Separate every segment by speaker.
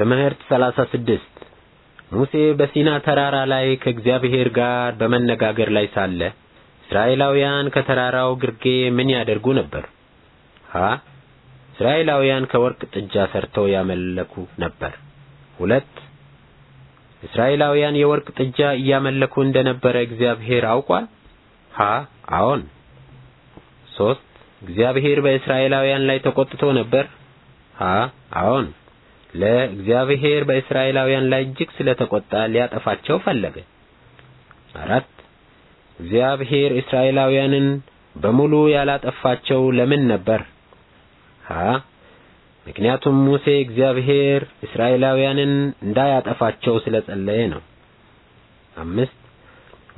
Speaker 1: ትምህርት 36 ሙሴ በሲና ተራራ ላይ ከእግዚአብሔር ጋር በመነጋገር ላይ ሳለ እስራኤላውያን ከተራራው ግርጌ ምን ያደርጉ ነበር? ሀ እስራኤላውያን ከወርቅ ጥጃ ሰርተው ያመለኩ ነበር። ሁለት እስራኤላውያን የወርቅ ጥጃ እያመለኩ እንደነበረ እግዚአብሔር አውቋል። ሀ አዎን። ሶስት እግዚአብሔር በእስራኤላውያን ላይ ተቆጥቶ ነበር። ሀ አዎን። ለእግዚአብሔር በእስራኤላውያን ላይ እጅግ ስለተቆጣ ሊያጠፋቸው ፈለገ። አራት እግዚአብሔር እስራኤላውያንን በሙሉ ያላጠፋቸው ለምን ነበር? ሀ ምክንያቱም ሙሴ እግዚአብሔር እስራኤላውያንን እንዳያጠፋቸው ስለጸለየ ነው። አምስት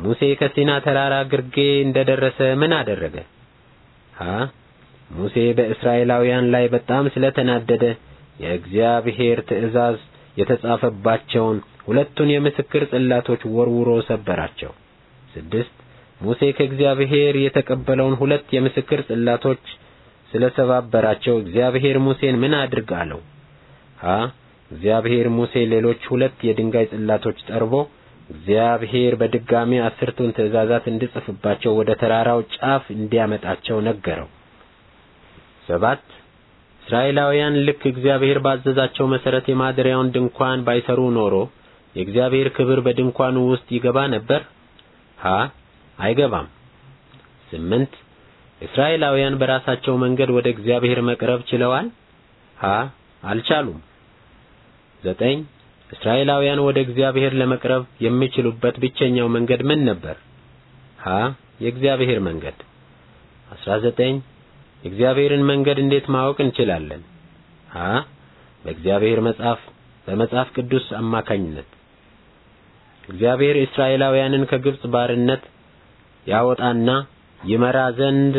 Speaker 1: ሙሴ ከሲና ተራራ ግርጌ እንደደረሰ ምን አደረገ? ሀ ሙሴ በእስራኤላውያን ላይ በጣም ስለተናደደ የእግዚአብሔር ትእዛዝ የተጻፈባቸውን ሁለቱን የምስክር ጽላቶች ወርውሮ ሰበራቸው። ስድስት ሙሴ ከእግዚአብሔር የተቀበለውን ሁለት የምስክር ጽላቶች ስለሰባበራቸው እግዚአብሔር ሙሴን ምን አድርግ አለው? ሀ እግዚአብሔር ሙሴ ሌሎች ሁለት የድንጋይ ጽላቶች ጠርቦ እግዚአብሔር በድጋሚ አስርቱን ትእዛዛት እንዲጽፍባቸው ወደ ተራራው ጫፍ እንዲያመጣቸው ነገረው። ሰባት እስራኤላውያን ልክ እግዚአብሔር ባዘዛቸው መሠረት የማደሪያውን ድንኳን ባይሰሩ ኖሮ የእግዚአብሔር ክብር በድንኳኑ ውስጥ ይገባ ነበር? ሀ አይገባም። ስምንት እስራኤላውያን በራሳቸው መንገድ ወደ እግዚአብሔር መቅረብ ችለዋል? ሀ አልቻሉም። ዘጠኝ እስራኤላውያን ወደ እግዚአብሔር ለመቅረብ የሚችሉበት ብቸኛው መንገድ ምን ነበር? ሀ የእግዚአብሔር መንገድ። አስራ ዘጠኝ የእግዚአብሔርን መንገድ እንዴት ማወቅ እንችላለን? አ በእግዚአብሔር መጽሐፍ በመጽሐፍ ቅዱስ አማካኝነት እግዚአብሔር እስራኤላውያንን ከግብፅ ባርነት ያወጣና ይመራ ዘንድ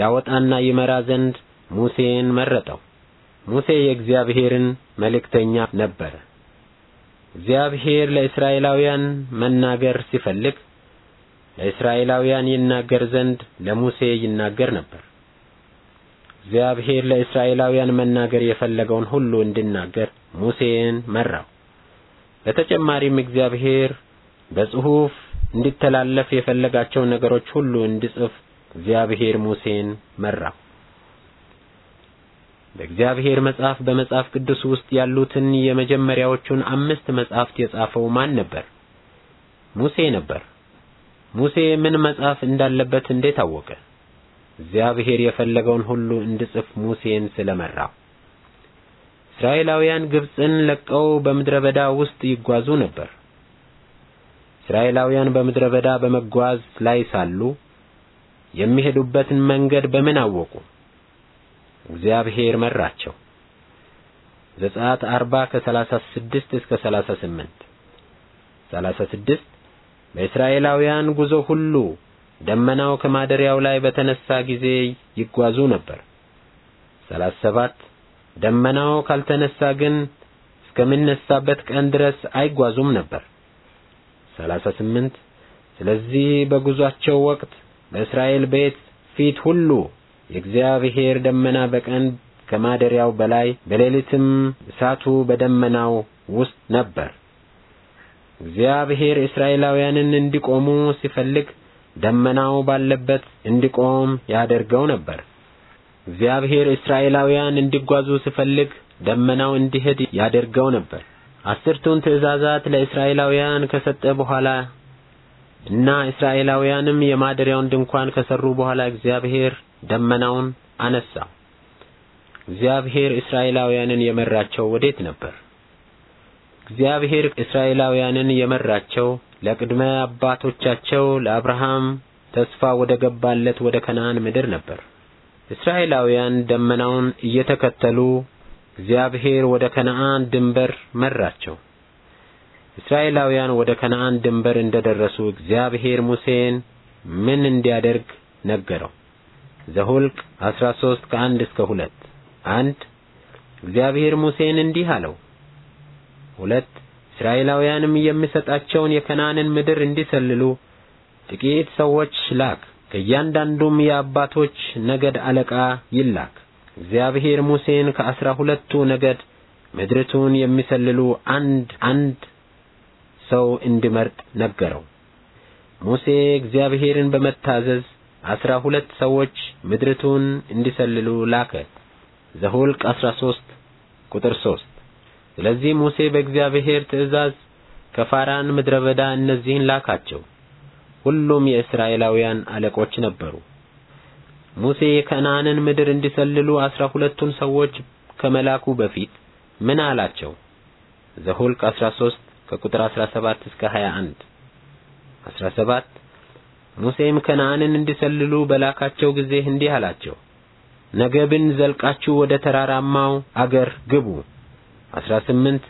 Speaker 1: ያወጣና ይመራ ዘንድ ሙሴን መረጠው። ሙሴ የእግዚአብሔርን መልእክተኛ ነበረ። እግዚአብሔር ለእስራኤላውያን መናገር ሲፈልግ ለእስራኤላውያን ይናገር ዘንድ ለሙሴ ይናገር ነበር። እግዚአብሔር ለእስራኤላውያን መናገር የፈለገውን ሁሉ እንዲናገር ሙሴን መራው። በተጨማሪም እግዚአብሔር በጽሑፍ እንዲተላለፍ የፈለጋቸው ነገሮች ሁሉ እንዲጽፍ እግዚአብሔር ሙሴን መራው። በእግዚአብሔር መጽሐፍ በመጽሐፍ ቅዱስ ውስጥ ያሉትን የመጀመሪያዎቹን አምስት መጽሐፍት የጻፈው ማን ነበር? ሙሴ ነበር። ሙሴ ምን መጽሐፍ እንዳለበት እንዴት አወቀ? እግዚአብሔር የፈለገውን ሁሉ እንድጽፍ ሙሴን ስለመራ። እስራኤላውያን ግብፅን ለቀው በምድረ በዳ ውስጥ ይጓዙ ነበር። እስራኤላውያን በምድረ በዳ በመጓዝ ላይ ሳሉ የሚሄዱበትን መንገድ በምን አወቁ? እግዚአብሔር መራቸው። ዘጸአት 40 ከ36 እስከ 38 36 በእስራኤላውያን ጉዞ ሁሉ ደመናው ከማደሪያው ላይ በተነሳ ጊዜ ይጓዙ ነበር። ሰላሳ ሰባት ደመናው ካልተነሳ ግን እስከሚነሳበት ቀን ድረስ አይጓዙም ነበር። ሰላሳ ስምንት ስለዚህ በጉዟቸው ወቅት በእስራኤል ቤት ፊት ሁሉ የእግዚአብሔር ደመና በቀን ከማደሪያው በላይ በሌሊትም እሳቱ በደመናው ውስጥ ነበር። እግዚአብሔር እስራኤላውያንን እንዲቆሙ ሲፈልግ ደመናው ባለበት እንዲቆም ያደርገው ነበር። እግዚአብሔር እስራኤላውያን እንዲጓዙ ሲፈልግ ደመናው እንዲሄድ ያደርገው ነበር። አስርቱን ትእዛዛት ለእስራኤላውያን ከሰጠ በኋላ እና እስራኤላውያንም የማደሪያውን ድንኳን ከሰሩ በኋላ እግዚአብሔር ደመናውን አነሳ። እግዚአብሔር እስራኤላውያንን የመራቸው ወዴት ነበር? እግዚአብሔር እስራኤላውያንን የመራቸው ለቅድመ አባቶቻቸው ለአብርሃም ተስፋ ወደ ገባለት ወደ ከነዓን ምድር ነበር። እስራኤላውያን ደመናውን እየተከተሉ እግዚአብሔር ወደ ከነዓን ድንበር መራቸው። እስራኤላውያን ወደ ከነዓን ድንበር እንደደረሱ እግዚአብሔር ሙሴን ምን እንዲያደርግ ነገረው። ዘሁልቅ 13 ከ1 እስከ 2 አንድ እግዚአብሔር ሙሴን እንዲህ አለው። ሁለት እስራኤላውያንም የሚሰጣቸውን የከናንን ምድር እንዲሰልሉ ጥቂት ሰዎች ላክ። ከእያንዳንዱም የአባቶች ነገድ አለቃ ይላክ። እግዚአብሔር ሙሴን ከአስራ ሁለቱ ነገድ ምድርቱን የሚሰልሉ አንድ አንድ ሰው እንዲመርጥ ነገረው። ሙሴ እግዚአብሔርን በመታዘዝ አስራ ሁለት ሰዎች ምድርቱን እንዲሰልሉ ላከ። ዘሁልቅ አስራ ቁጥር ሦስት ስለዚህ ሙሴ በእግዚአብሔር ትእዛዝ ከፋራን ምድረ በዳ እነዚህን ላካቸው። ሁሉም የእስራኤላውያን አለቆች ነበሩ። ሙሴ የከነዓንን ምድር እንዲሰልሉ አስራ ሁለቱን ሰዎች ከመላኩ በፊት ምን አላቸው? ዘኍልቍ 13 ከቁጥር 17 እስከ 21 17 ሙሴም ከነዓንን እንዲሰልሉ በላካቸው ጊዜ እንዲህ አላቸው፣ ነገብን ዘልቃችሁ ወደ ተራራማው አገር ግቡ 18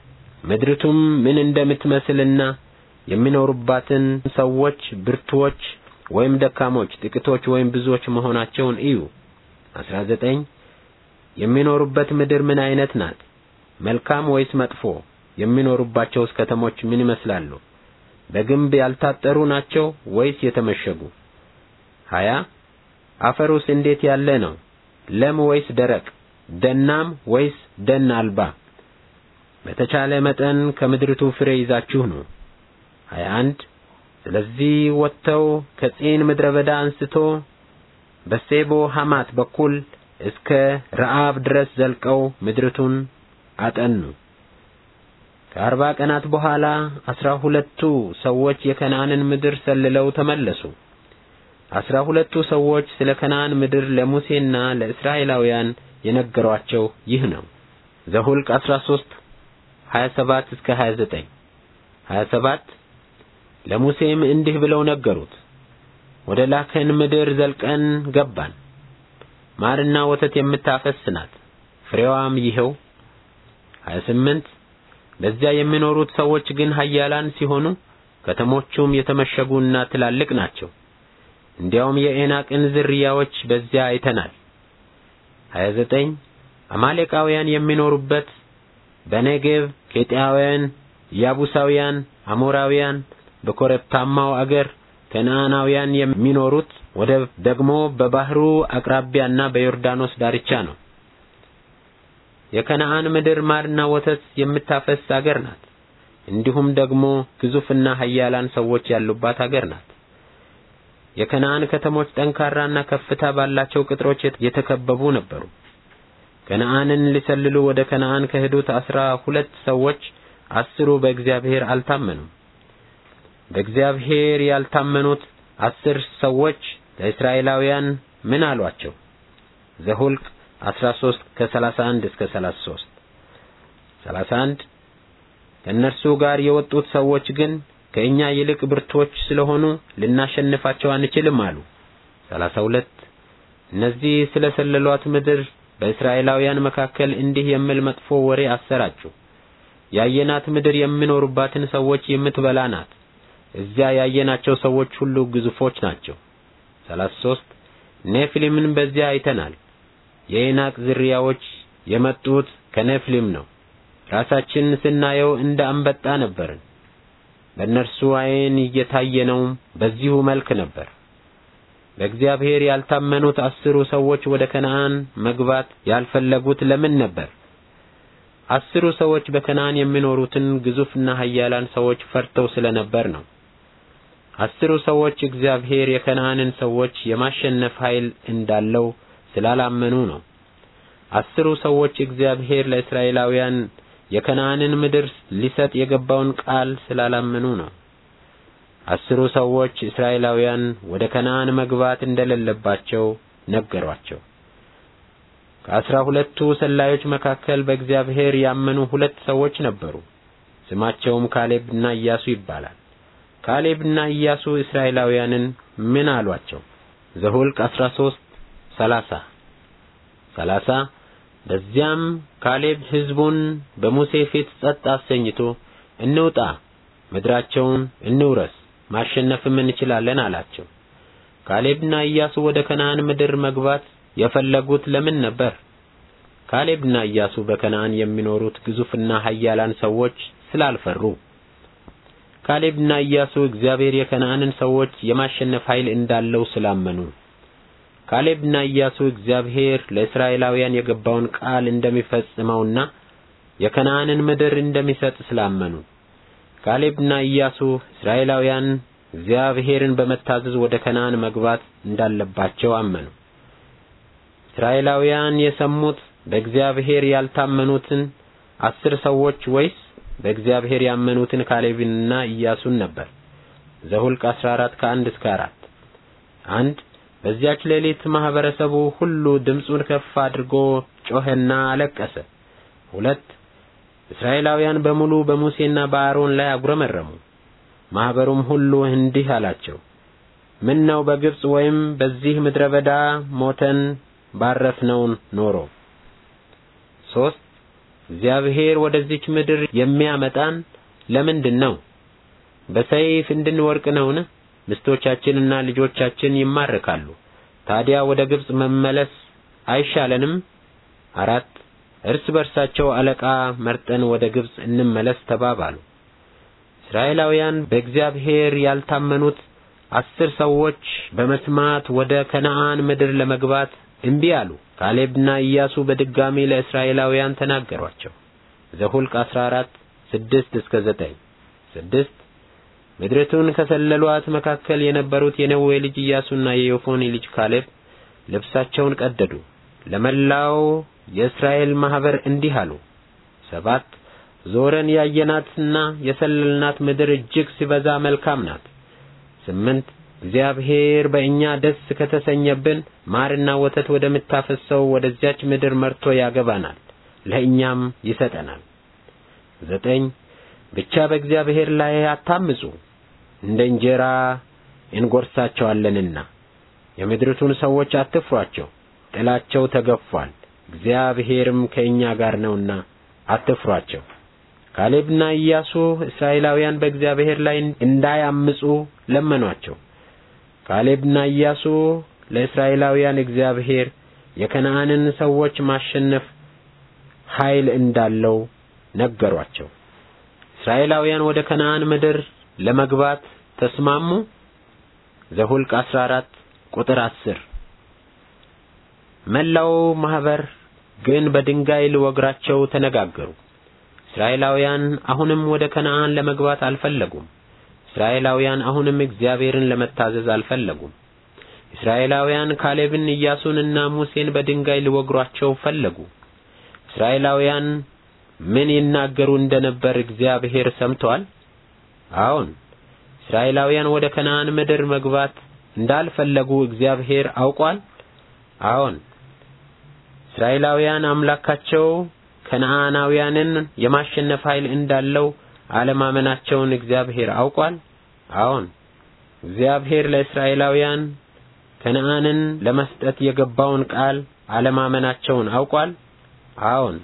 Speaker 1: ምድርቱም ምን እንደምትመስልና የሚኖሩባትን ሰዎች ብርቱዎች ወይም ደካሞች፣ ጥቂቶች ወይም ብዙዎች መሆናቸውን እዩ። 19 የሚኖሩበት ምድር ምን አይነት ናት? መልካም ወይስ መጥፎ? የሚኖሩባቸውስ ከተሞች ምን ይመስላሉ? በግንብ ያልታጠሩ ናቸው ወይስ የተመሸጉ? 20 አፈሩስ እንዴት ያለ ነው? ለም ወይስ ደረቅ? ደናም ወይስ ደን አልባ? በተቻለ መጠን ከምድርቱ ፍሬ ይዛችሁ ኑ። 21 ስለዚህ ወጥተው ከጺን ምድረ በዳ አንስቶ በሴቦ ሐማት በኩል እስከ ረአብ ድረስ ዘልቀው ምድርቱን አጠኑ። ከአርባ ቀናት በኋላ አስራ ሁለቱ ሰዎች የከነዓንን ምድር ሰልለው ተመለሱ። አስራ ሁለቱ ሰዎች ስለ ከነዓን ምድር ለሙሴና ለእስራኤላውያን የነገሯቸው ይህ ነው። አስራ 13 27 እስከ 29 27 ለሙሴም እንዲህ ብለው ነገሩት ወደ ላከን ምድር ዘልቀን ገባን ማርና ወተት የምታፈስ ናት ፍሬዋም ይኸው 28 በዚያ የሚኖሩት ሰዎች ግን ኃያላን ሲሆኑ ከተሞቹም የተመሸጉና ትላልቅ ናቸው እንዲያውም የኤናቅን ዝርያዎች በዚያ አይተናል 29 አማሌቃውያን የሚኖሩበት በነገብ፣ ኬጢያውያን፣ ያቡሳውያን፣ አሞራውያን በኮረብታማው አገር ከነዓናውያን የሚኖሩት ወደብ ደግሞ በባህሩ አቅራቢያና በዮርዳኖስ ዳርቻ ነው። የከነዓን ምድር ማርና ወተት የምታፈስ አገር ናት። እንዲሁም ደግሞ ግዙፍና ኃያላን ሰዎች ያሉባት አገር ናት። የከነዓን ከተሞች ጠንካራና ከፍታ ባላቸው ቅጥሮች የተከበቡ ነበሩ። ከነዓንን ሊሰልሉ ወደ ከነዓን ከሄዱት አስራ ሁለት ሰዎች አስሩ በእግዚአብሔር አልታመኑም። በእግዚአብሔር ያልታመኑት አስር ሰዎች ለእስራኤላውያን ምን አሏቸው? ዘሁልቅ 13 ከ31 እስከ 33 31 ከእነርሱ ጋር የወጡት ሰዎች ግን ከእኛ ይልቅ ብርቶች ስለሆኑ ልናሸንፋቸው አንችልም አሉ። 32 እነዚህ ስለ ሰለሏት ምድር በእስራኤላውያን መካከል እንዲህ የሚል መጥፎ ወሬ አሰራጩ። ያየናት ምድር የሚኖሩባትን ሰዎች የምትበላ ናት። እዚያ ያየናቸው ሰዎች ሁሉ ግዙፎች ናቸው። 33 ኔፍሊምን በዚያ አይተናል። የኢናቅ ዝርያዎች የመጡት ከኔፍሊም ነው። ራሳችን ስናየው እንደ አንበጣ ነበርን። በእነርሱ ዓይን እየታየነው በዚሁ መልክ ነበር። በእግዚአብሔር ያልታመኑት አስሩ ሰዎች ወደ ከነዓን መግባት ያልፈለጉት ለምን ነበር? አስሩ ሰዎች በከነዓን የሚኖሩትን ግዙፍና ኃያላን ሰዎች ፈርተው ስለነበር ነው። አስሩ ሰዎች እግዚአብሔር የከነዓንን ሰዎች የማሸነፍ ኃይል እንዳለው ስላላመኑ ነው። አስሩ ሰዎች እግዚአብሔር ለእስራኤላውያን የከነዓንን ምድር ሊሰጥ የገባውን ቃል ስላላመኑ ነው። አስሩ ሰዎች እስራኤላውያን ወደ ከነዓን መግባት እንደሌለባቸው ነገሯቸው። ከአስራ ሁለቱ ሰላዮች መካከል በእግዚአብሔር ያመኑ ሁለት ሰዎች ነበሩ። ስማቸውም ካሌብና ኢያሱ ይባላል። ካሌብና ኢያሱ እስራኤላውያንን ምን አሏቸው? ዘኍልቍ 13 30 30 በዚያም ካሌብ ሕዝቡን በሙሴ ፊት ጸጥ አሰኝቶ እንውጣ፣ ምድራቸውን እንውረስ ማሸነፍም እንችላለን አላቸው። ካሌብና ኢያሱ ወደ ከነዓን ምድር መግባት የፈለጉት ለምን ነበር? ካሌብና ኢያሱ በከነዓን የሚኖሩት ግዙፍና ኃያላን ሰዎች ስላልፈሩ። ካሌብና ኢያሱ እግዚአብሔር የከነዓንን ሰዎች የማሸነፍ ኃይል እንዳለው ስላመኑ። ካሌብና ኢያሱ እግዚአብሔር ለእስራኤላውያን የገባውን ቃል እንደሚፈጽመውና የከነዓንን ምድር እንደሚሰጥ ስላመኑ ካሌብና ኢያሱ እስራኤላውያን እግዚአብሔርን በመታዘዝ ወደ ከነዓን መግባት እንዳለባቸው አመኑ። እስራኤላውያን የሰሙት በእግዚአብሔር ያልታመኑትን አስር ሰዎች ወይስ በእግዚአብሔር ያመኑትን ካሌብንና ኢያሱን ነበር። ዘሁልቅ 14 ከ እስከ 4 አንድ በዚያች ሌሊት ማህበረሰቡ ሁሉ ድምፁን ከፍ አድርጎ ጮኸና አለቀሰ። ሁለት እስራኤላውያን በሙሉ በሙሴና በአሮን ላይ አጉረመረሙ። ማኅበሩም ሁሉ እንዲህ አላቸው፣ ምን ነው በግብፅ ወይም በዚህ ምድረ በዳ ሞተን ባረፍነው ኖሮ። ሦስት እግዚአብሔር ወደዚች ምድር የሚያመጣን ለምንድን ነው? በሰይፍ እንድንወርቅ ነውን? ምስቶቻችንና ልጆቻችን ይማርካሉ። ታዲያ ወደ ግብፅ መመለስ አይሻለንም? አራት እርስ በርሳቸው አለቃ መርጠን ወደ ግብጽ እንመለስ ተባባሉ። እስራኤላውያን በእግዚአብሔር ያልታመኑት አስር ሰዎች በመስማት ወደ ከነዓን ምድር ለመግባት እምቢ አሉ። ካሌብና ኢያሱ በድጋሚ ለእስራኤላውያን ተናገሯቸው። ዘሁልቅ 14 6 እስከ 9 6 ምድሪቱን ከሰለሏት መካከል የነበሩት የነዌ ልጅ ኢያሱና የዮፎኒ ልጅ ካሌብ ልብሳቸውን ቀደዱ ለመላው የእስራኤል ማህበር እንዲህ አሉ። ሰባት ዞረን ያየናትና የሰለልናት ምድር እጅግ ሲበዛ መልካም ናት። ስምንት እግዚአብሔር በእኛ ደስ ከተሰኘብን ማርና ወተት ወደምታፈሰው ወደዚያች ምድር መርቶ ያገባናል፣ ለእኛም ይሰጠናል። ዘጠኝ ብቻ በእግዚአብሔር ላይ አታምፁ፣ እንደ እንጀራ እንጎርሳቸዋለንና የምድርቱን ሰዎች አትፍሯቸው፣ ጥላቸው ተገፏል እግዚአብሔርም ከእኛ ጋር ነውና አትፍሯቸው። ካሌብና ኢያሱ እስራኤላውያን በእግዚአብሔር ላይ እንዳያምፁ ለመኗቸው። ካሌብና ኢያሱ ለእስራኤላውያን እግዚአብሔር የከነዓንን ሰዎች ማሸነፍ ኃይል እንዳለው ነገሯቸው። እስራኤላውያን ወደ ከነዓን ምድር ለመግባት ተስማሙ። ዘሁልቅ 14 ቁጥር 10 መላው ማህበር ግን በድንጋይ ልወግራቸው ተነጋገሩ። እስራኤላውያን አሁንም ወደ ከነዓን ለመግባት አልፈለጉም። እስራኤላውያን አሁንም እግዚአብሔርን ለመታዘዝ አልፈለጉም። እስራኤላውያን ካሌብን፣ ኢያሱንና ሙሴን በድንጋይ ሊወግሯቸው ፈለጉ። እስራኤላውያን ምን ይናገሩ እንደነበር እግዚአብሔር ሰምቷል። አሁን እስራኤላውያን ወደ ከነዓን ምድር መግባት እንዳልፈለጉ እግዚአብሔር አውቋል። አሁን እስራኤላውያን አምላካቸው ከነዓናውያንን የማሸነፍ ኃይል እንዳለው አለማመናቸውን እግዚአብሔር አውቋል። አዎን፣ እግዚአብሔር ለእስራኤላውያን ከነዓንን ለመስጠት የገባውን ቃል አለማመናቸውን አውቋል። አዎን፣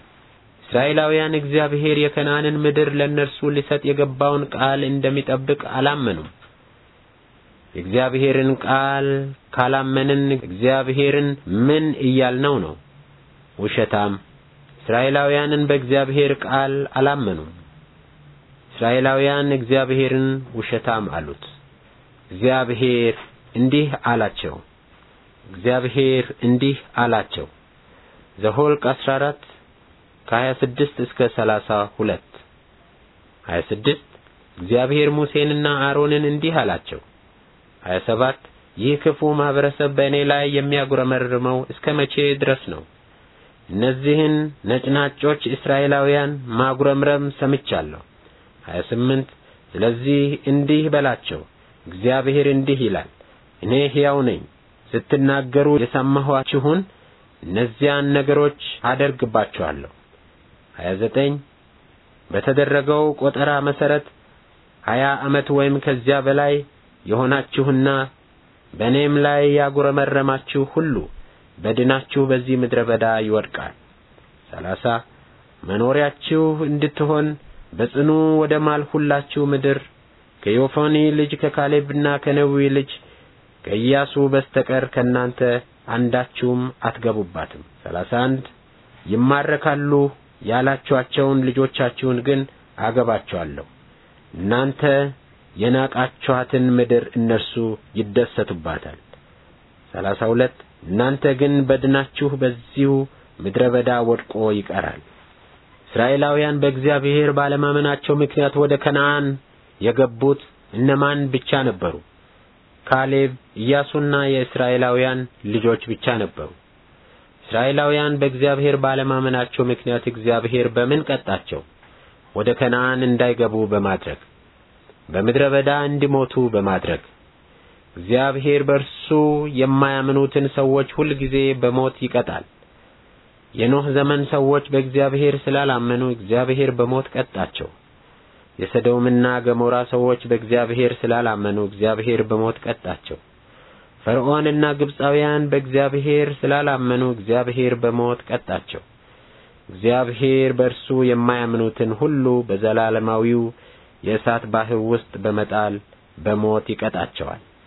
Speaker 1: እስራኤላውያን እግዚአብሔር የከነዓንን ምድር ለእነርሱ ሊሰጥ የገባውን ቃል እንደሚጠብቅ አላመኑም። የእግዚአብሔርን ቃል ካላመንን እግዚአብሔርን ምን እያልነው ነው? ውሸታም እስራኤላውያንን በእግዚአብሔር ቃል አላመኑም። እስራኤላውያን እግዚአብሔርን ውሸታም አሉት። እግዚአብሔር እንዲህ አላቸው። እግዚአብሔር እንዲህ አላቸው። ዘኍልቍ 14 ከ26 እስከ 32 26 እግዚአብሔር ሙሴንና አሮንን እንዲህ አላቸው። 27 ይህ ክፉ ማህበረሰብ በእኔ ላይ የሚያጉረመርመው እስከ መቼ ድረስ ነው? እነዚህን ነጭናጮች እስራኤላውያን ማጉረምረም ሰምቻለሁ። 28 ስለዚህ እንዲህ በላቸው፣ እግዚአብሔር እንዲህ ይላል፣ እኔ ሕያው ነኝ ስትናገሩ የሰማኋችሁን እነዚያን ነገሮች አደርግባችኋለሁ። 29 በተደረገው ቆጠራ መሠረት ሀያ ዓመት ወይም ከዚያ በላይ የሆናችሁና በእኔም ላይ ያጉረመረማችሁ ሁሉ በድናችሁ በዚህ ምድረ በዳ ይወድቃል። ሰላሳ መኖሪያችሁ እንድትሆን በጽኑ ወደ ማልሁላችሁ ምድር ከዮፎኒ ልጅ ከካሌብና ከነዊ ልጅ ከኢያሱ በስተቀር ከእናንተ አንዳችሁም አትገቡባትም። ሰላሳ አንድ ይማረካሉ ያላችኋቸውን ልጆቻችሁን ግን አገባችኋለሁ። እናንተ የናቃችኋትን ምድር እነርሱ ይደሰቱባታል። ሰላሳ ሁለት እናንተ ግን በድናችሁ በዚሁ ምድረ በዳ ወድቆ ይቀራል። እስራኤላውያን በእግዚአብሔር ባለማመናቸው ምክንያት ወደ ከነዓን የገቡት እነማን ብቻ ነበሩ? ካሌብ፣ ኢያሱና የእስራኤላውያን ልጆች ብቻ ነበሩ። እስራኤላውያን በእግዚአብሔር ባለማመናቸው ምክንያት እግዚአብሔር በምን ቀጣቸው? ወደ ከነዓን እንዳይገቡ በማድረግ በምድረ በዳ እንዲሞቱ በማድረግ እግዚአብሔር በእርሱ የማያምኑትን ሰዎች ጊዜ በሞት ይቀጣል። የኖህ ዘመን ሰዎች በእግዚአብሔር ስላላመኑ እግዚአብሔር በሞት ቀጣቸው። የሰዶምና ገሞራ ሰዎች በእግዚአብሔር ስላላመኑ እግዚአብሔር በሞት ቀጣቸው። ፈርዖንና ግብፃውያን በእግዚአብሔር ስላላመኑ እግዚአብሔር በሞት ቀጣቸው። እግዚአብሔር በእርሱ የማያምኑትን ሁሉ በዘላለማዊው የእሳት ባሕር ውስጥ በመጣል በሞት ይቀጣቸዋል።